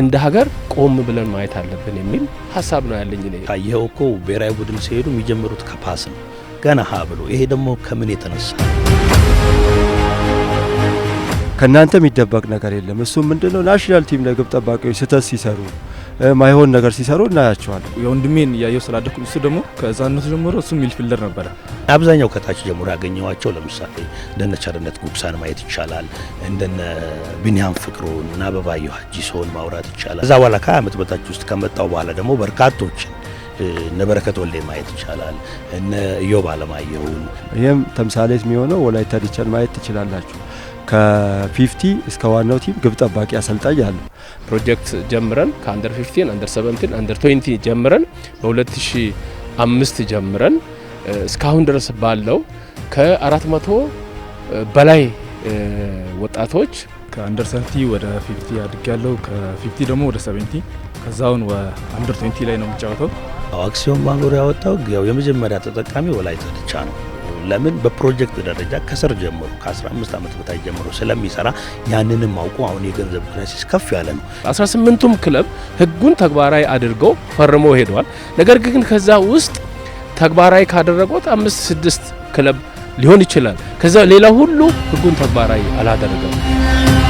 እንደ ሀገር ቆም ብለን ማየት አለብን የሚል ሀሳብ ነው ያለኝ። ካየኸው እኮ ብሔራዊ ቡድን ሲሄዱ የሚጀምሩት ከፓስ ነው ገና ሀ ብሎ። ይሄ ደግሞ ከምን የተነሳ ከእናንተ የሚደበቅ ነገር የለም። እሱም ምንድነው ናሽናል ቲም ለግብ ጠባቂዎች ስህተት ሲሰሩ ማይሆን ነገር ሲሰሩ እናያቸዋል። የወንድሜን እያየው ስላደኩ እሱ ደግሞ ከህፃንነቱ ጀምሮ እሱ ሚልፊልደር ነበረ። አብዛኛው ከታች ጀምሮ ያገኘዋቸው ለምሳሌ እንደነ ቸርነት ጉብሳን ማየት ይቻላል። እንደነ ቢኒያም ፍቅሩን እና አበባየሁ ሀጂሶን ማውራት ይቻላል። እዛ በኋላ ከዓመት በታች ውስጥ ከመጣው በኋላ ደግሞ በርካቶችን እነ በረከት ማየት ይቻላል። እነ ኢዮብ አለማየሁን ይህም ተምሳሌት የሚሆነው ወላይታ ዲቻን ማየት ትችላላችሁ። ከፊፍቲ እስከ ዋናው ቲም ግብ ጠባቂ አሰልጣኝ አሉ። ፕሮጀክት ጀምረን ከአንደር ፊፍቲን አንደር ሰቨንቲን አንደር 20 ጀምረን በ2005 ጀምረን እስካሁን ድረስ ባለው ከ400 በላይ ወጣቶች ከአንደር ሰቨንቲ ወደ 50 አድግ ያለው ከ50 ደግሞ ወደ 70 ከዛውን አንደር 20 ላይ ነው የሚጫወተው። አክሲዮን ባንጎር ያወጣው የመጀመሪያ ተጠቃሚ ወላይታ ድቻ ነው። ለምን በፕሮጀክት ደረጃ ከስር ጀምሮ ከ15 ዓመት በታች ጀምሮ ስለሚሰራ ያንንም አውቆ አሁን የገንዘብ ክራይሲስ ከፍ ያለ ነው። 18ቱም ክለብ ህጉን ተግባራዊ አድርገው ፈርመው ሄደዋል። ነገር ግን ከዛ ውስጥ ተግባራዊ ካደረጉት አምስት ስድስት ክለብ ሊሆን ይችላል። ከዛ ሌላ ሁሉ ህጉን ተግባራዊ አላደረገም።